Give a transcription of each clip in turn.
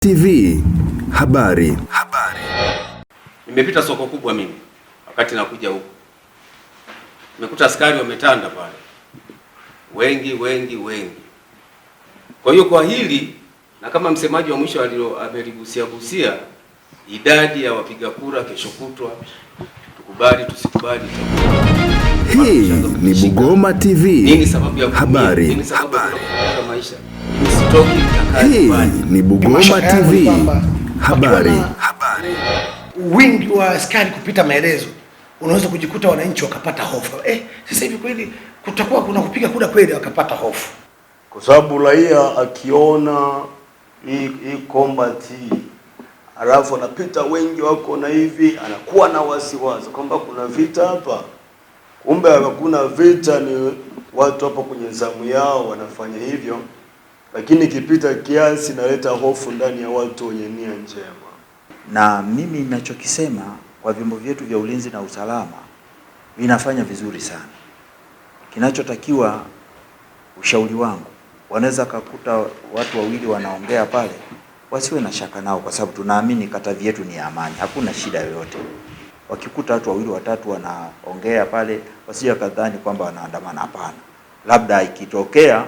TV habari. Habari. Nimepita soko kubwa mimi wakati nakuja huku, nimekuta askari wametanda pale, wengi wengi wengi. Kwa hiyo kwa hili na kama msemaji wa mwisho ameligusia gusia idadi ya wapiga kura kesho kutwa, tukubali tusikubali, tukubali. Hii ni Bugoma TV habari. Hii ni Bugoma TV habari. Wingi wa askari kupita maelezo, unaweza kujikuta wananchi wakapata hofu. Eh, sasa hivi kweli kutakuwa kuna kupiga kura kweli, wakapata hofu, kwa sababu raia akiona hii combat hii alafu anapita wengi wako na hivi, anakuwa na wasiwasi kwamba kuna vita hapa. Kumbe hakuna vita, ni watu hapo kwenye zamu yao wanafanya hivyo, lakini ikipita kiasi inaleta hofu ndani ya watu wenye nia njema. Na mimi ninachokisema kwa vyombo vyetu vya ulinzi na usalama vinafanya vizuri sana. Kinachotakiwa, ushauri wangu, wanaweza kakuta watu wawili wanaongea pale, wasiwe na shaka nao, kwa sababu tunaamini katavi yetu ni amani, hakuna shida yoyote wakikuta watu wawili watatu wanaongea pale, wasije kadhani kwamba wanaandamana. Hapana, labda ikitokea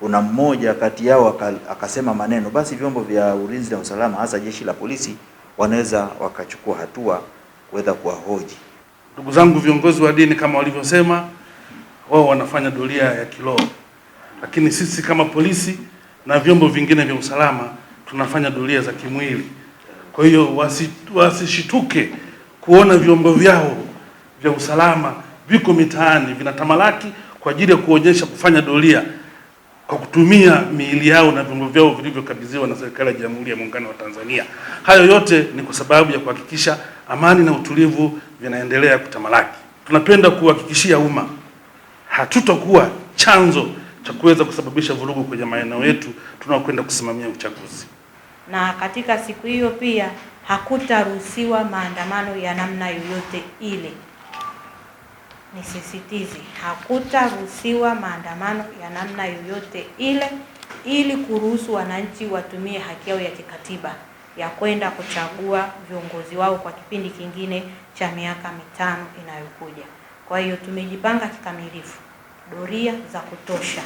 kuna mmoja kati yao akasema maneno, basi vyombo vya ulinzi na usalama, hasa jeshi la polisi, wanaweza wakachukua hatua kuweza kuwahoji. Ndugu zangu, viongozi wa dini kama walivyosema, wao wanafanya doria ya kiroho, lakini sisi kama polisi na vyombo vingine vya usalama tunafanya doria za kimwili. Kwa hiyo wasishituke wasi kuona vyombo vyao vya usalama viko mitaani vinatamalaki kwa ajili ya kuonyesha kufanya doria kwa kutumia miili yao na vyombo vyao vilivyokabidhiwa na serikali ya Jamhuri ya Muungano wa Tanzania. Hayo yote ni kwa sababu ya kuhakikisha amani na utulivu vinaendelea kutamalaki. Tunapenda kuhakikishia umma hatutakuwa chanzo cha kuweza kusababisha vurugu kwenye maeneo yetu tunaokwenda kusimamia uchaguzi na katika siku hiyo pia hakutaruhusiwa maandamano ya namna yoyote ile. Nisisitize, hakutaruhusiwa maandamano ya namna yoyote ile, ili kuruhusu wananchi watumie haki yao ya kikatiba ya kwenda kuchagua viongozi wao kwa kipindi kingine cha miaka mitano inayokuja. Kwa hiyo tumejipanga kikamilifu, doria za kutosha,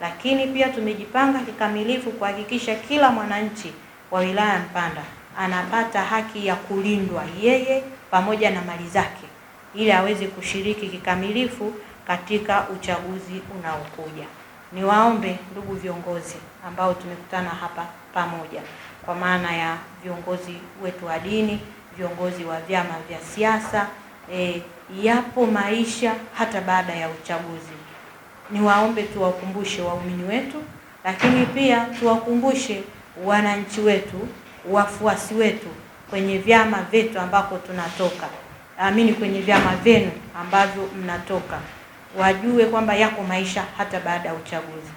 lakini pia tumejipanga kikamilifu kuhakikisha kila mwananchi wa wilaya ya Mpanda anapata haki ya kulindwa yeye pamoja na mali zake ili aweze kushiriki kikamilifu katika uchaguzi unaokuja. Niwaombe ndugu viongozi ambao tumekutana hapa pamoja, kwa maana ya viongozi wetu wa dini, viongozi wa vyama vya siasa e, yapo maisha hata baada ya uchaguzi. Niwaombe tuwakumbushe waumini wetu, lakini pia tuwakumbushe wananchi wetu, wafuasi wetu kwenye vyama vyetu ambako tunatoka, amini kwenye vyama vyenu ambavyo mnatoka, wajue kwamba yako maisha hata baada ya uchaguzi.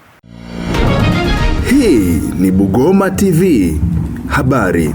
Hii ni Bugoma TV habari.